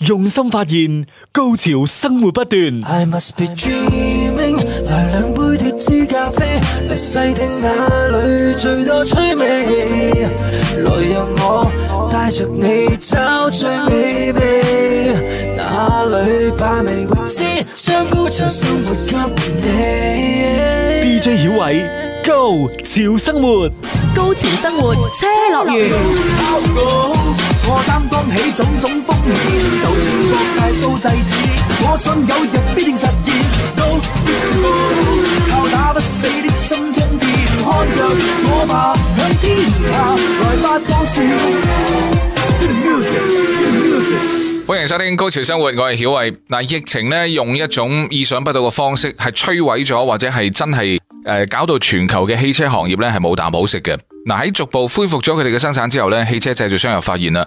用心發現，高潮生活不斷。I must be dreaming，來兩杯脫脂咖啡，嚟細聽那裏最多趣味。來讓我帶着你找最美味，哪裏把味未知，將高潮生活給你。DJ 小偉，Go，潮生活，高潮生活，高潮生活車樂園。我擔當起種種風險，就算各界都制止，我信有日必定實現。到靠打不死的心中堅，看着我吧，向天下來發光閃。歡迎收聽《高潮生活》，我係曉慧。嗱，疫情呢，用一種意想不到嘅方式，係摧毀咗，或者係真係。誒，搞到全球嘅汽車行業咧係冇啖好食嘅。嗱，喺逐步恢復咗佢哋嘅生產之後咧，汽車製造商又發現啦，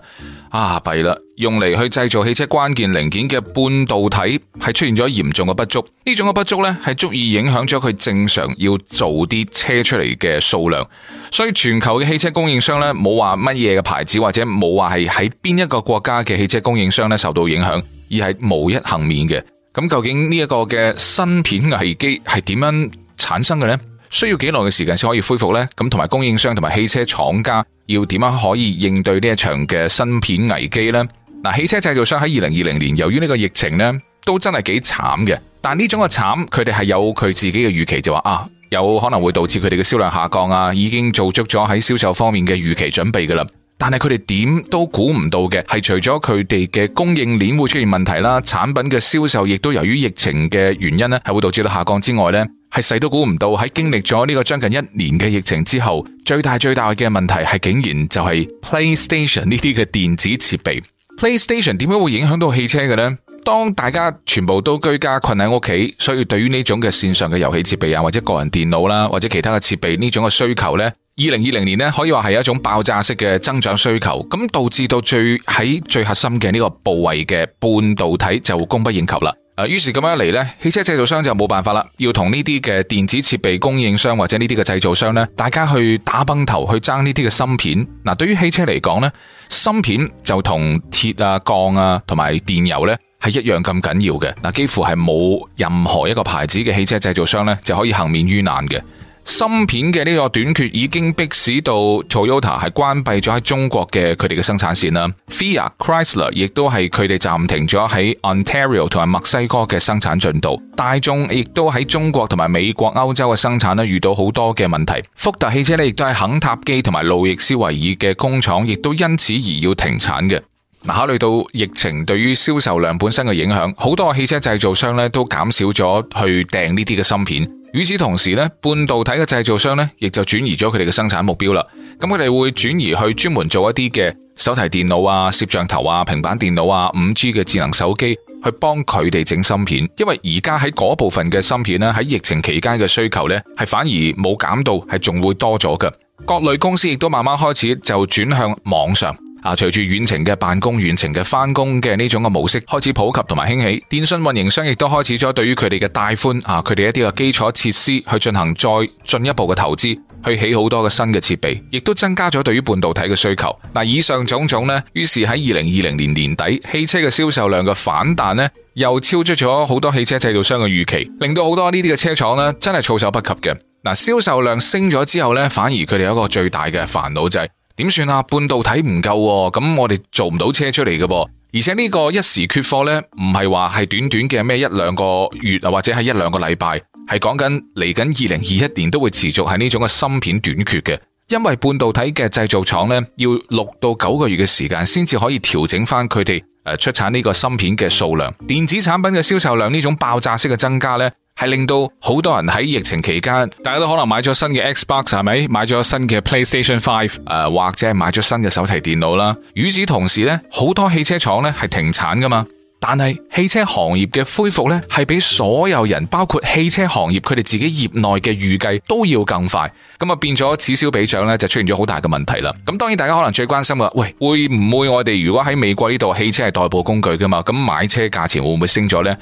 啊弊，啦，用嚟去製造汽車關鍵零件嘅半導體係出現咗嚴重嘅不足。呢種嘅不足咧係足以影響咗佢正常要做啲車出嚟嘅數量。所以全球嘅汽車供應商咧，冇話乜嘢嘅牌子，或者冇話係喺邊一個國家嘅汽車供應商咧受到影響，而係無一幸免嘅。咁究竟呢一個嘅芯片危機係點樣？產生嘅呢，需要幾耐嘅時間先可以恢復呢？咁同埋供應商同埋汽車廠家要點樣可以應對呢一場嘅芯片危機呢？嗱，汽車製造商喺二零二零年由於呢個疫情呢，都真係幾慘嘅。但呢種嘅慘，佢哋係有佢自己嘅預期，就話啊，有可能會導致佢哋嘅銷量下降啊，已經做足咗喺銷售方面嘅預期準備噶啦。但係佢哋點都估唔到嘅係，除咗佢哋嘅供應鏈會出現問題啦，產品嘅銷售亦都由於疫情嘅原因呢，係會導致到下降之外呢。係細都估唔到，喺經歷咗呢個將近一年嘅疫情之後，最大最大嘅問題係竟然就係 PlayStation 呢啲嘅電子設備。PlayStation 點樣會影響到汽車嘅呢？當大家全部都居家困喺屋企，所以對於呢種嘅線上嘅遊戲設備啊，或者個人電腦啦，或者其他嘅設備呢種嘅需求呢，二零二零年呢，可以話係一種爆炸式嘅增長需求，咁導致到最喺最核心嘅呢個部位嘅半導體就供不應求啦。誒，於是咁樣一嚟，呢汽車製造商就冇辦法啦，要同呢啲嘅電子設備供應商或者呢啲嘅製造商，呢大家去打崩頭，去爭呢啲嘅芯片。嗱、啊，對於汽車嚟講，呢芯片就同鐵啊、鋼啊同埋電油呢係一樣咁緊要嘅。嗱、啊，幾乎係冇任何一個牌子嘅汽車製造商呢就可以幸免於難嘅。芯片嘅呢個短缺已經迫使到 Toyota 係關閉咗喺中國嘅佢哋嘅生產線啦 Fiat Chrysler 亦都係佢哋暫停咗喺 Ontario 同埋墨西哥嘅生產進度，大眾亦都喺中國同埋美國、歐洲嘅生產咧遇到好多嘅問題，福特汽車呢亦都係肯塔基同埋路易斯維爾嘅工廠亦都因此而要停產嘅。考慮到疫情對於銷售量本身嘅影響，好多汽車製造商咧都減少咗去訂呢啲嘅芯片。與此同時咧，半導體嘅製造商咧，亦就轉移咗佢哋嘅生產目標啦。咁佢哋會轉移去專門做一啲嘅手提電腦啊、攝像頭啊、平板電腦啊、五 G 嘅智能手機，去幫佢哋整芯片。因為而家喺嗰部分嘅芯片咧，喺疫情期間嘅需求咧，係反而冇減到，係仲會多咗嘅。各類公司亦都慢慢開始就轉向網上。啊！隨住遠程嘅辦公、遠程嘅返工嘅呢種模式開始普及同埋興起，電信運營商亦都開始咗對於佢哋嘅帶寬啊，佢哋一啲嘅基礎設施去進行再進一步嘅投資，去起好多嘅新嘅設備，亦都增加咗對於半導體嘅需求。嗱，以上種種呢，於是喺二零二零年年底，汽車嘅銷售量嘅反彈呢又超出咗好多汽車製造商嘅預期，令到好多呢啲嘅車廠呢真係措手不及嘅。嗱，銷售量升咗之後呢，反而佢哋有一個最大嘅煩惱就係。點算啊？半導體唔夠喎，咁我哋做唔到車出嚟嘅噃。而且呢個一時缺貨咧，唔係話係短短嘅咩一兩個月啊，或者係一兩個禮拜，係講緊嚟緊二零二一年都會持續係呢種嘅芯片短缺嘅。因為半導體嘅製造廠咧，要六到九個月嘅時間先至可以調整翻佢哋誒出產呢個芯片嘅數量。電子產品嘅銷售量呢種爆炸式嘅增加咧，係令到好多人喺疫情期間，大家都可能買咗新嘅 Xbox，係咪？買咗新嘅 PlayStation 5，呃，或者係買咗新嘅手提電腦啦。與此同時咧，好多汽車廠咧係停產㗎嘛。但係汽車行業嘅恢復呢，係比所有人包括汽車行業佢哋自己業內嘅預計都要更快，咁啊變咗此消彼長呢就出現咗好大嘅問題啦。咁當然大家可能最關心嘅，喂會唔會我哋如果喺美國呢度汽車係代步工具噶嘛，咁買車價錢會唔會升咗呢？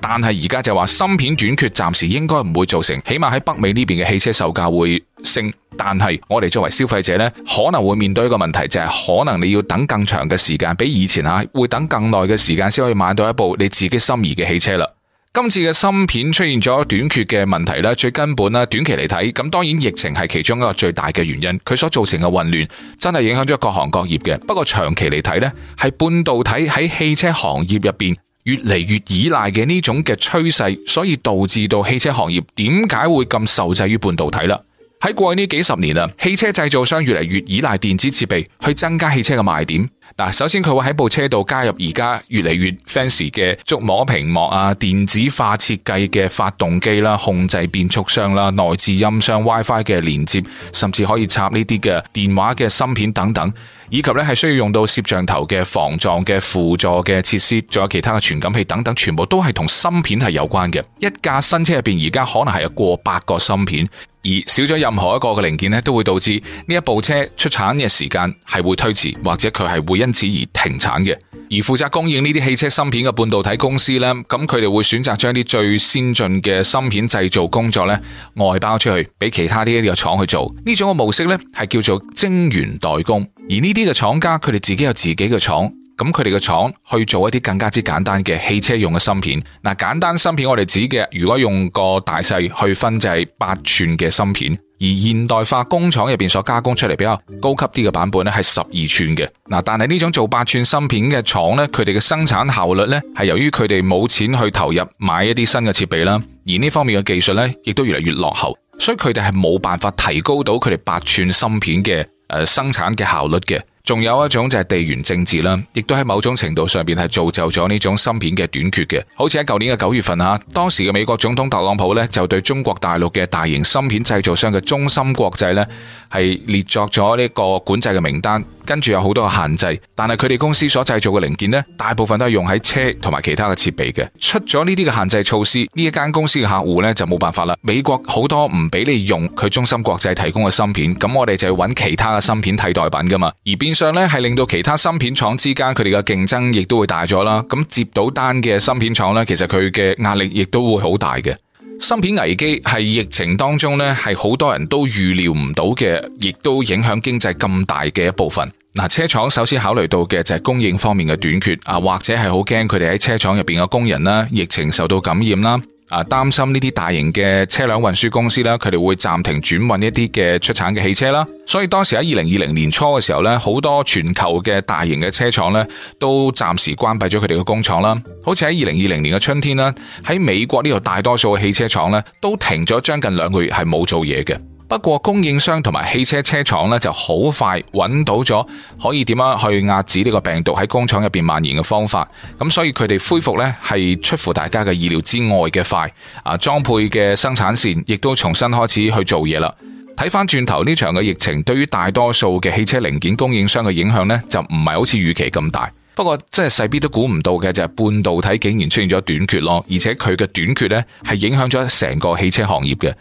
但係而家就話芯片短缺暫時應該唔會造成，起碼喺北美呢邊嘅汽車售價會性，但係我哋作為消費者呢，可能會面對一個問題，就係、是、可能你要等更長嘅時間，比以前吓會等更耐嘅時間，先可以買到一部你自己心儀嘅汽車啦。今次嘅芯片出現咗短缺嘅問題啦，最根本啦短期嚟睇，咁當然疫情係其中一個最大嘅原因，佢所造成嘅混亂真係影響咗各行各業嘅。不過長期嚟睇呢，係半導體喺汽車行業入邊越嚟越依賴嘅呢種嘅趨勢，所以導致到汽車行業點解會咁受制於半導體啦。喺過去呢幾十年啦，汽車製造商越嚟越依賴電子設備去增加汽車嘅賣點。嗱，首先佢會喺部車度加入而家越嚟越 fancy 嘅觸摸屏幕啊，電子化設計嘅發動機啦，控制變速箱啦，內置音箱 WiFi 嘅連接，甚至可以插呢啲嘅電話嘅芯片等等，以及咧係需要用到攝像頭嘅防撞嘅輔助嘅設施，仲有其他嘅傳感器等等，全部都係同芯片係有關嘅。一架新車入邊而家可能係有過百個芯片。而少咗任何一個嘅零件咧，都會導致呢一部車出產嘅時間係會推遲，或者佢係會因此而停產嘅。而負責供應呢啲汽車芯片嘅半導體公司呢，咁佢哋會選擇將啲最先進嘅芯片製造工作咧外包出去，俾其他啲嘅廠去做。呢種嘅模式咧係叫做晶圓代工。而呢啲嘅廠家，佢哋自己有自己嘅廠。咁佢哋嘅廠去做一啲更加之簡單嘅汽車用嘅芯片，嗱，簡單芯片我哋指嘅，如果用個大細去分就係八寸嘅芯片，而現代化工廠入邊所加工出嚟比較高級啲嘅版本咧係十二寸嘅。嗱，但係呢種做八寸芯片嘅廠咧，佢哋嘅生產效率咧係由於佢哋冇錢去投入買一啲新嘅設備啦，而呢方面嘅技術咧亦都越嚟越落後，所以佢哋係冇辦法提高到佢哋八寸芯片嘅誒生產嘅效率嘅。仲有一種就係地緣政治啦，亦都喺某種程度上邊係造就咗呢種芯片嘅短缺嘅。好似喺舊年嘅九月份吓，當時嘅美國總統特朗普咧就對中國大陸嘅大型芯片製造商嘅中芯國際咧。係列作咗呢個管制嘅名單，跟住有好多嘅限制。但係佢哋公司所製造嘅零件呢，大部分都係用喺車同埋其他嘅設備嘅。出咗呢啲嘅限制措施，呢一間公司嘅客戶呢就冇辦法啦。美國好多唔俾你用佢中芯國際提供嘅芯片，咁我哋就要揾其他嘅芯片替代品噶嘛。而變相呢，係令到其他芯片廠之間佢哋嘅競爭亦都會大咗啦。咁接到單嘅芯片廠呢，其實佢嘅壓力亦都會好大嘅。芯片危機係疫情當中呢係好多人都預料唔到嘅，亦都影響經濟咁大嘅一部分。嗱，車廠首先考慮到嘅就係供應方面嘅短缺啊，或者係好驚佢哋喺車廠入面嘅工人啦，疫情受到感染啦。啊！擔心呢啲大型嘅車輛運輸公司啦，佢哋會暫停轉運一啲嘅出產嘅汽車啦。所以當時喺二零二零年初嘅時候咧，好多全球嘅大型嘅車廠咧，都暫時關閉咗佢哋嘅工廠啦。好似喺二零二零年嘅春天啦，喺美國呢度大多數嘅汽車廠咧，都停咗將近兩個月係冇做嘢嘅。不過供應商同埋汽車車廠咧就好快揾到咗可以點樣去遏止呢個病毒喺工廠入邊蔓延嘅方法，咁所以佢哋恢復呢係出乎大家嘅意料之外嘅快，啊裝配嘅生產線亦都重新開始去做嘢啦。睇翻轉頭呢場嘅疫情，對於大多數嘅汽車零件供應商嘅影響呢，就唔係好似預期咁大。不過即係勢必都估唔到嘅就係半導體竟然出現咗短缺咯，而且佢嘅短缺呢，係影響咗成個汽車行業嘅。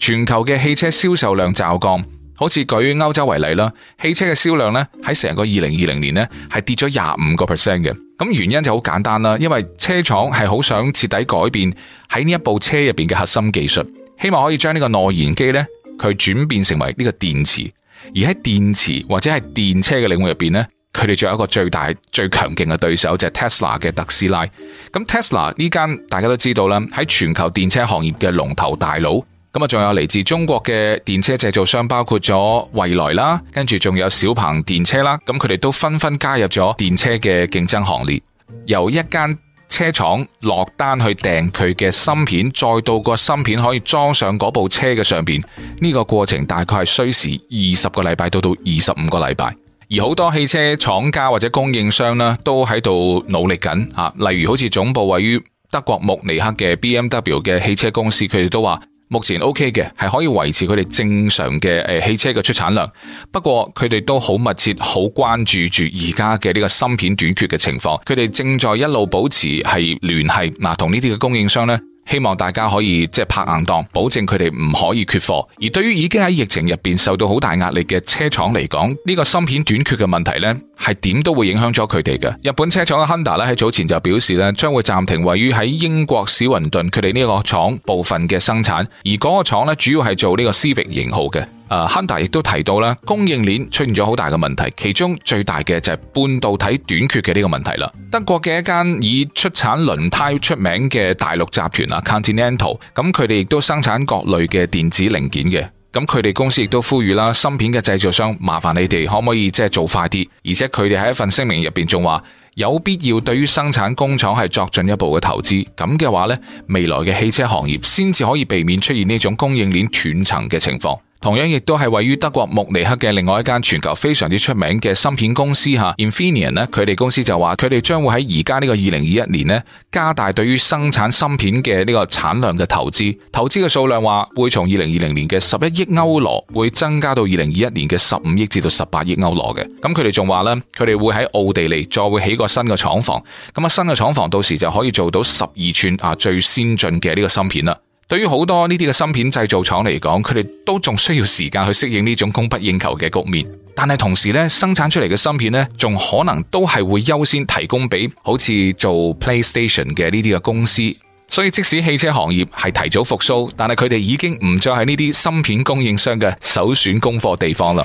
全球嘅汽車銷售量驟降，好似舉歐洲為例啦，汽車嘅銷量咧喺成個二零二零年咧係跌咗廿五個 percent 嘅。咁原因就好簡單啦，因為車廠係好想徹底改變喺呢一部車入邊嘅核心技術，希望可以將呢個內燃機咧佢轉變成為呢個電池。而喺電池或者係電車嘅領域入邊咧，佢哋仲有一個最大最強勁嘅對手就係 Tesla 嘅特斯拉。咁 Tesla 呢間大家都知道啦，喺全球電車行業嘅龍頭大佬。咁啊，仲有嚟自中國嘅電車製造商，包括咗蔚來啦，跟住仲有小鵬電車啦。咁佢哋都紛紛加入咗電車嘅競爭行列。由一間車廠落單去訂佢嘅芯片，再到個芯片可以裝上嗰部車嘅上邊，呢個過程，大概係需時二十個禮拜到到二十五個禮拜。而好多汽車廠家或者供應商啦，都喺度努力緊啊。例如好似總部位於德國慕尼克嘅 B M W 嘅汽車公司，佢哋都話。目前 OK 嘅，係可以維持佢哋正常嘅誒汽車嘅出產量。不過佢哋都好密切、好關注住而家嘅呢個芯片短缺嘅情況。佢哋正在一路保持係聯繫，嗱，同呢啲嘅供應商咧。希望大家可以即係拍硬檔，保證佢哋唔可以缺貨。而對於已經喺疫情入邊受到好大壓力嘅車廠嚟講，呢個芯片短缺嘅問題呢，係點都會影響咗佢哋嘅。日本車廠嘅 Honda 咧，喺早前就表示呢，將會暫停位於喺英國史雲頓佢哋呢個廠部分嘅生產，而嗰個廠咧，主要係做呢個 Civic 型號嘅。誒，亨達亦都提到啦，供應鏈出現咗好大嘅問題，其中最大嘅就係半導體短缺嘅呢個問題啦。德國嘅一間以出產輪胎出名嘅大陸集團啊，Continental，咁佢哋亦都生產各類嘅電子零件嘅。咁佢哋公司亦都呼籲啦，芯片嘅製造商，麻煩你哋可唔可以即係做快啲？而且佢哋喺一份聲明入邊仲話，有必要對於生產工廠係作進一步嘅投資。咁嘅話呢，未來嘅汽車行業先至可以避免出現呢種供應鏈斷層嘅情況。同樣亦都係位於德國慕尼克嘅另外一間全球非常之出名嘅芯片公司吓 Infineon 咧，佢哋公司就話佢哋將會喺而家呢個二零二一年咧，加大對於生產芯片嘅呢個產量嘅投資，投資嘅數量話會從二零二零年嘅十一億歐羅，會增加到二零二一年嘅十五億至到十八億歐羅嘅。咁佢哋仲話呢，佢哋會喺奧地利再會起個新嘅廠房，咁啊新嘅廠房到時就可以做到十二寸啊最先進嘅呢個芯片啦。對於好多呢啲嘅芯片製造廠嚟講，佢哋都仲需要時間去適應呢種供不應求嘅局面。但係同時咧，生產出嚟嘅芯片呢，仲可能都係會優先提供俾好似做 PlayStation 嘅呢啲嘅公司。所以即使汽車行業係提早復甦，但係佢哋已經唔再係呢啲芯片供應商嘅首選供貨地方啦。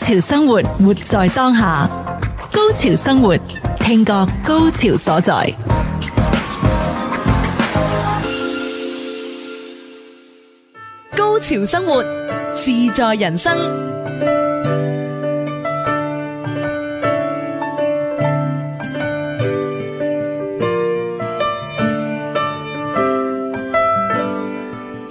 高潮生活，活在當下；高潮生活，聽覺高潮所在；高潮生活，自在人生。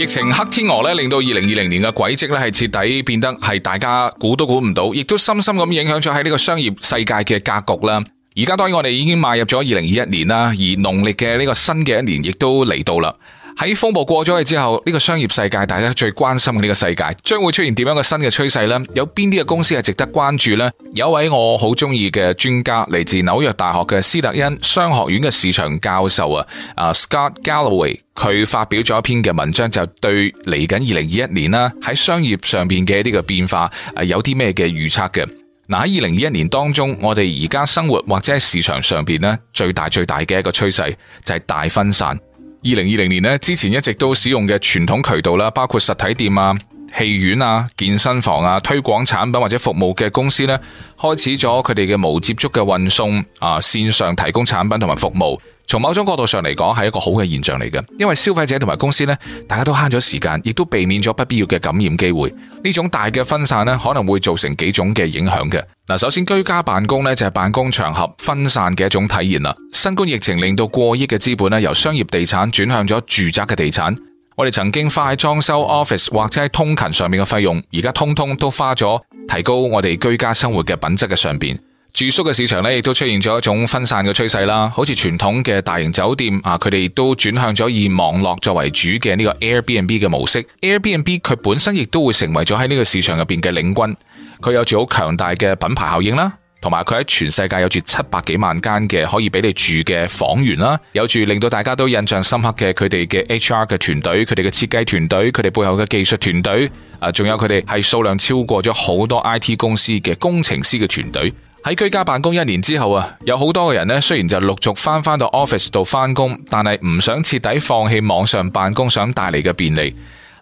情黑天鵝咧，令到二零二零年嘅軌跡咧係徹底變得係大家估都估唔到，亦都深深咁影響咗喺呢個商業世界嘅格局啦。而家當然我哋已經邁入咗二零二一年啦，而農曆嘅呢個新嘅一年亦都嚟到啦。喺風暴過咗去之後，呢個商業世界大家最關心嘅，呢個世界將會出現點樣嘅新嘅趨勢呢？有邊啲嘅公司係值得關注呢？有位我好中意嘅專家嚟自紐約大學嘅斯特恩商學院嘅市場教授啊，Scott Galloway，佢發表咗一篇嘅文章，就對嚟緊二零二一年啦，喺商業上邊嘅呢個變化誒有啲咩嘅預測嘅？嗱，喺二零二一年當中，我哋而家生活或者喺市場上邊呢，最大最大嘅一個趨勢就係大分散。二零二零年咧，之前一直都使用嘅傳統渠道啦，包括實體店啊、戲院啊、健身房啊，推廣產品或者服務嘅公司咧，開始咗佢哋嘅無接觸嘅運送啊，線上提供產品同埋服務。從某種角度上嚟講，係一個好嘅現象嚟嘅，因為消費者同埋公司咧，大家都慳咗時間，亦都避免咗不必要嘅感染機會。呢種大嘅分散咧，可能會造成幾種嘅影響嘅。嗱，首先居家辦公咧就係辦公場合分散嘅一種體現啦。新冠疫情令到過億嘅資本咧由商業地產轉向咗住宅嘅地產。我哋曾經花喺裝修 office 或者喺通勤上面嘅費用，而家通通都花咗提高我哋居家生活嘅品質嘅上邊。住宿嘅市場咧亦都出現咗一種分散嘅趨勢啦。好似傳統嘅大型酒店啊，佢哋亦都轉向咗以網絡作為主嘅呢個 Airbnb 嘅模式。Airbnb 佢本身亦都會成為咗喺呢個市場入邊嘅領軍。佢有住好強大嘅品牌效應啦，同埋佢喺全世界有住七百幾萬間嘅可以俾你住嘅房源啦，有住令到大家都印象深刻嘅佢哋嘅 HR 嘅團隊、佢哋嘅設計團隊、佢哋背後嘅技術團隊，啊，仲有佢哋係數量超過咗好多 IT 公司嘅工程師嘅團隊。喺居家辦公一年之後啊，有好多個人呢雖然就陸續翻翻到 office 度翻工，但係唔想徹底放棄網上辦公想帶嚟嘅便利。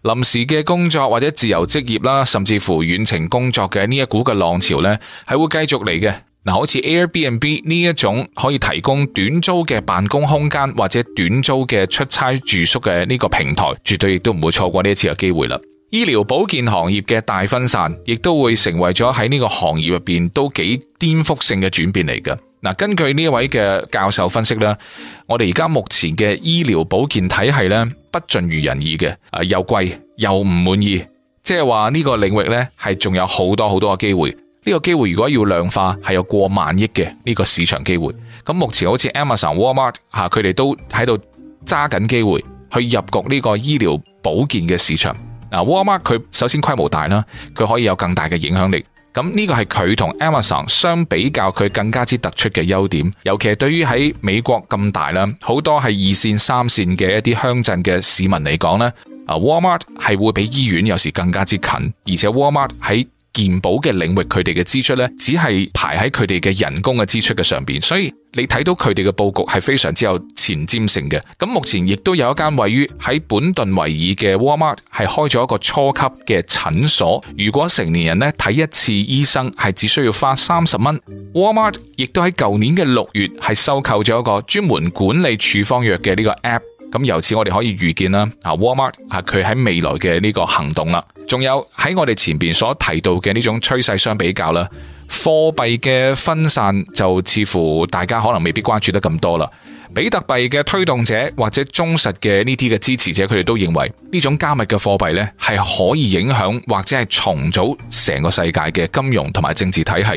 臨時嘅工作或者自由職業啦，甚至乎遠程工作嘅呢一股嘅浪潮呢，係會繼續嚟嘅。嗱，好似 Airbnb 呢一種可以提供短租嘅辦公空間或者短租嘅出差住宿嘅呢個平台，絕對亦都唔會錯過呢一次嘅機會啦。醫療保健行業嘅大分散，亦都會成為咗喺呢個行業入邊都幾顛覆性嘅轉變嚟嘅。根據呢位嘅教授分析咧，我哋而家目前嘅醫療保健體系咧，不盡如人意嘅，又貴又唔滿意，即係話呢個領域咧，係仲有好多好多嘅機會，呢、呢個機會如果要量化係有過萬億嘅呢個市場機會。咁目前好似 Amazon、Walmart 吓，佢哋都喺度揸緊機會去入局呢個醫療保健嘅市場。嗱 Walmart 佢首先規模大啦，佢可以有更大嘅影響力。咁呢個係佢同 Amazon 相比較，佢更加之突出嘅優點，尤其係對於喺美國咁大啦，好多係二線、三線嘅一啲鄉鎮嘅市民嚟講咧，啊 Walmart 係會比醫院有時更加之近，而且 Walmart 喺健保嘅領域，佢哋嘅支出呢，只係排喺佢哋嘅人工嘅支出嘅上邊，所以你睇到佢哋嘅布局係非常之有前瞻性嘅。咁目前亦都有一間位於喺本頓維爾嘅 Walmart 係開咗一個初級嘅診所。如果成年人呢，睇一次醫生係只需要花三十蚊。Walmart 亦都喺舊年嘅六月係收購咗一個專門管理處方藥嘅呢個 app。咁由此我哋可以預見啦，啊 Walmart 啊，佢喺未來嘅呢個行動啦。仲有喺我哋前邊所提到嘅呢種趨勢相比較啦，貨幣嘅分散就似乎大家可能未必關注得咁多啦。比特幣嘅推動者或者忠實嘅呢啲嘅支持者，佢哋都認為呢種加密嘅貨幣呢係可以影響或者係重組成個世界嘅金融同埋政治體系。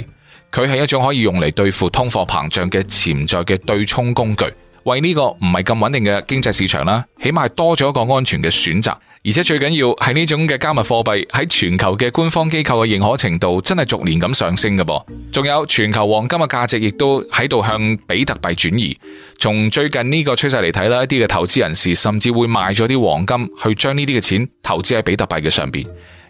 佢係一種可以用嚟對付通貨膨脹嘅潛在嘅對沖工具。為呢個唔係咁穩定嘅經濟市場啦，起碼多咗一個安全嘅選擇，而且最緊要係呢種嘅加密貨幣喺全球嘅官方機構嘅認可程度真係逐年咁上升嘅噃。仲有全球黃金嘅價值亦都喺度向比特幣轉移，從最近呢個趨勢嚟睇啦，一啲嘅投資人士甚至會賣咗啲黃金去將呢啲嘅錢投資喺比特幣嘅上邊。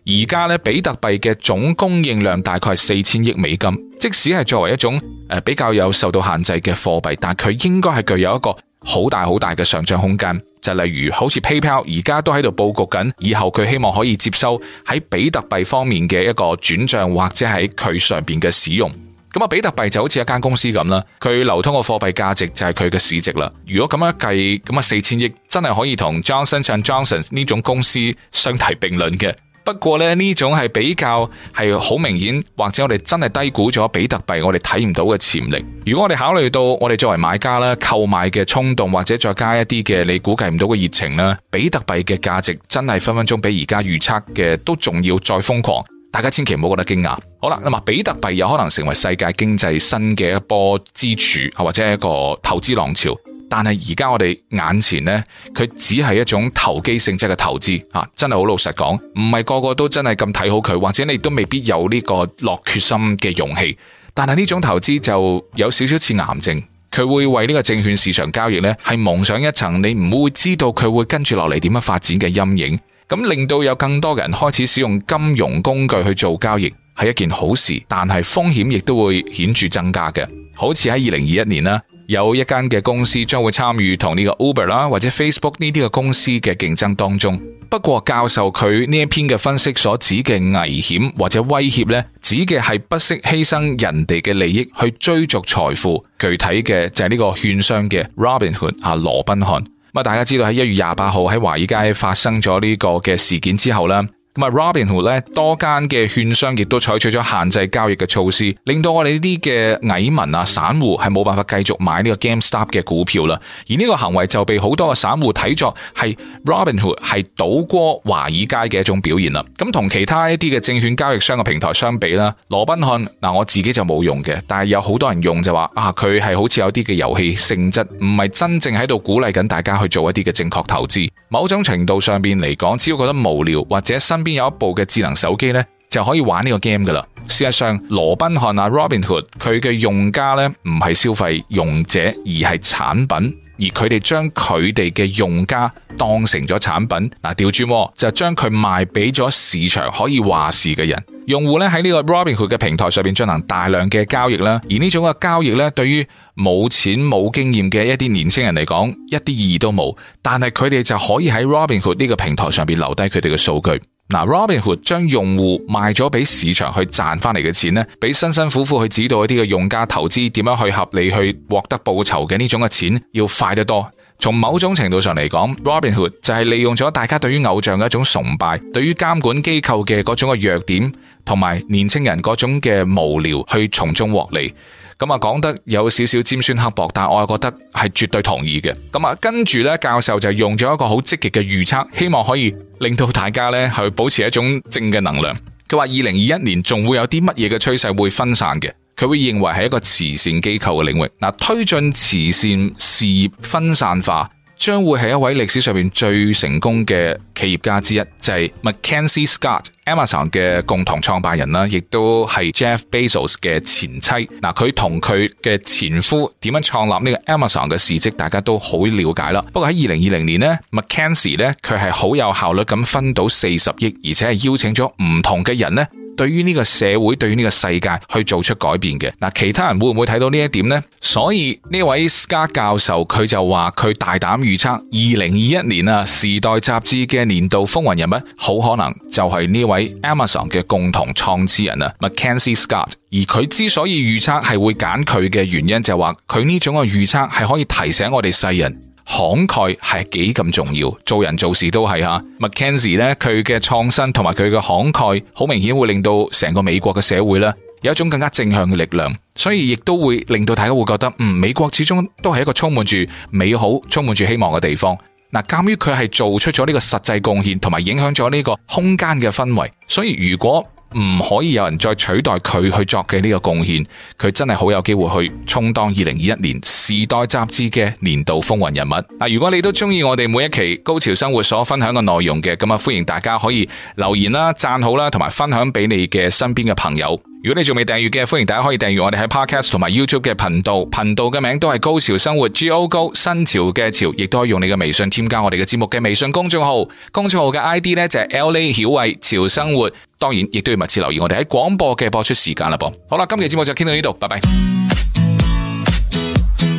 而家咧，比特幣嘅總供應量大概係四千億美金。即使係作為一種誒比較有受到限制嘅貨幣，但佢應該係具有一個好大好大嘅上漲空間。就是，例如好似 PayPal，而家都喺度佈局緊，以後佢希望可以接收喺比特幣方面嘅一個轉賬，或者喺佢上邊嘅使用。咁啊，比特幣就好似一間公司咁啦，佢流通嘅貨幣價值就係佢嘅市值啦。如果咁樣計，咁啊四千億真係可以同 Johnson、Johnson 呢種公司相提並論嘅。不過咧呢種係比較係好明顯，或者我哋真係低估咗比特幣，我哋睇唔到嘅潛力。如果我哋考慮到我哋作為買家啦，購買嘅衝動，或者再加一啲嘅你估計唔到嘅熱情啦，比特幣嘅價值真係分分鐘比而家預測嘅都仲要再瘋狂。大家千祈唔好覺得驚訝。好啦，咁啊，比特幣有可能成為世界經濟新嘅一波支柱，或者一個投資浪潮。但係而家我哋眼前呢，佢只係一種投機性質嘅投資啊！真係好老實講，唔係個個都真係咁睇好佢，或者你都未必有呢個落決心嘅勇氣。但係呢種投資就有少少似癌症，佢會為呢個證券市場交易呢係蒙上一層，你唔會知道佢會跟住落嚟點樣發展嘅陰影。咁令到有更多嘅人開始使用金融工具去做交易，係一件好事，但係風險亦都會顯著增加嘅。好似喺二零二一年啦。有一間嘅公司將會參與同呢個 Uber 啦，或者 Facebook 呢啲嘅公司嘅競爭當中。不過教授佢呢一篇嘅分析所指嘅危險或者威脅呢，指嘅係不惜犧牲人哋嘅利益去追逐財富。具體嘅就係呢個券商，嘅 Robinhood 啊羅賓漢。咁大家知道喺一月廿八號喺華爾街發生咗呢個嘅事件之後咧。咁啊，Robinhood 咧，多間嘅券商亦都採取咗限制交易嘅措施，令到我哋呢啲嘅蟻民啊、散戶係冇辦法繼續買呢個 GameStop 嘅股票啦。而呢個行為就被好多嘅散戶睇作係 Robinhood 係倒戈華爾街嘅一種表現啦。咁同其他一啲嘅證券交易商嘅平台相比啦，羅賓漢嗱，我自己就冇用嘅，但係有好多人用就話啊，佢係好似有啲嘅遊戲性質，唔係真正喺度鼓勵緊大家去做一啲嘅正確投資。某種程度上邊嚟講，只要覺得無聊或者新。身邊有一部嘅智能手機呢，就可以玩呢個 game 噶啦。事實上，羅賓漢啊，Robinhood 佢嘅用家呢唔係消費用者，而係產品，而佢哋將佢哋嘅用家當成咗產品嗱，調轉就將佢賣俾咗市場可以話事嘅人。用戶呢喺呢個 Robinhood 嘅平台上面進行大量嘅交易啦。而呢種嘅交易呢，對於冇錢冇經驗嘅一啲年輕人嚟講，一啲意義都冇，但係佢哋就可以喺 Robinhood 呢個平台上邊留低佢哋嘅數據。嗱，Robinhood 將用戶賣咗俾市場去賺翻嚟嘅錢呢，比辛辛苦苦去指導一啲嘅用家投資點樣去合理去獲得報酬嘅呢種嘅錢要快得多。從某種程度上嚟講，Robinhood 就係利用咗大家對於偶像嘅一種崇拜，對於監管機構嘅嗰種嘅弱點，同埋年輕人嗰種嘅無聊去從中獲利。咁啊，講得有少少尖酸刻薄，但係我又覺得係絕對同意嘅。咁啊，跟住呢，教授就用咗一個好積極嘅預測，希望可以令到大家咧去保持一種正嘅能量。佢話二零二一年仲會有啲乜嘢嘅趨勢會分散嘅？佢會認為係一個慈善機構嘅領域嗱，推進慈善事業分散化。將會係一位歷史上邊最成功嘅企業家之一，就係 McKenzie Scott、Amazon 嘅共同創辦人啦，亦都係 Jeff Bezos 嘅前妻。嗱，佢同佢嘅前夫點樣創立呢個 Amazon 嘅事蹟，大家都好了解啦。不過喺二零二零年呢，McKenzie 咧，佢係好有效率咁分到四十億，而且係邀請咗唔同嘅人呢。對於呢個社會，對於呢個世界去做出改變嘅嗱，其他人會唔會睇到呢一點呢？所以呢位 Scott 教授佢就話，佢大膽預測，二零二一年啊，《時代》雜誌嘅年度風雲人物好可能就係呢位 Amazon 嘅共同創始人啊，McKenzie Scott。而佢之所以預測係會揀佢嘅原因，就係話佢呢種嘅預測係可以提醒我哋世人。慷慨係幾咁重要，做人做事都係吓。McKenzie 咧，佢嘅創新同埋佢嘅慷慨，好明顯會令到成個美國嘅社會咧，有一種更加正向嘅力量，所以亦都會令到大家會覺得，嗯，美國始終都係一個充滿住美好、充滿住希望嘅地方。嗱，鑒於佢係做出咗呢個實際貢獻，同埋影響咗呢個空間嘅氛圍，所以如果，唔可以有人再取代佢去作嘅呢個貢獻，佢真係好有機會去充當二零二一年《時代雜誌》嘅年度風雲人物。嗱，如果你都中意我哋每一期《高潮生活》所分享嘅內容嘅，咁啊，歡迎大家可以留言啦、讚好啦，同埋分享俾你嘅身邊嘅朋友。如果你仲未訂閱嘅，歡迎大家可以訂閱我哋喺 Podcast 同埋 YouTube 嘅頻道，頻道嘅名都係高潮生活 G O G 新潮嘅潮，亦都可以用你嘅微信添加我哋嘅節目嘅微信公眾號，公眾號嘅 I D 咧就係 L A 曉慧潮生活，當然亦都要密切留意我哋喺廣播嘅播出時間啦噃。好啦，今期嘅節目就傾到呢度，拜拜。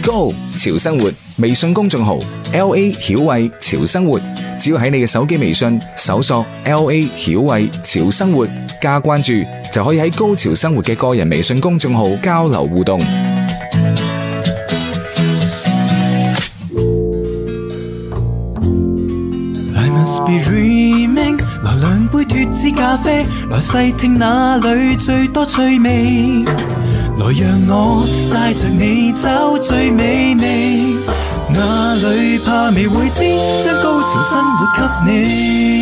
Go 潮生活微信公眾號，L A 曉慧潮生活，只要喺你嘅手機微信搜索 L A 曉慧潮生活加關注，就可以喺高潮生活嘅個人微信公眾號交流互動。來兩杯脫脂咖啡，來細聽哪裏最多趣味。來，讓我帶着你找最美味，哪裏怕未會知，將高潮生活給你。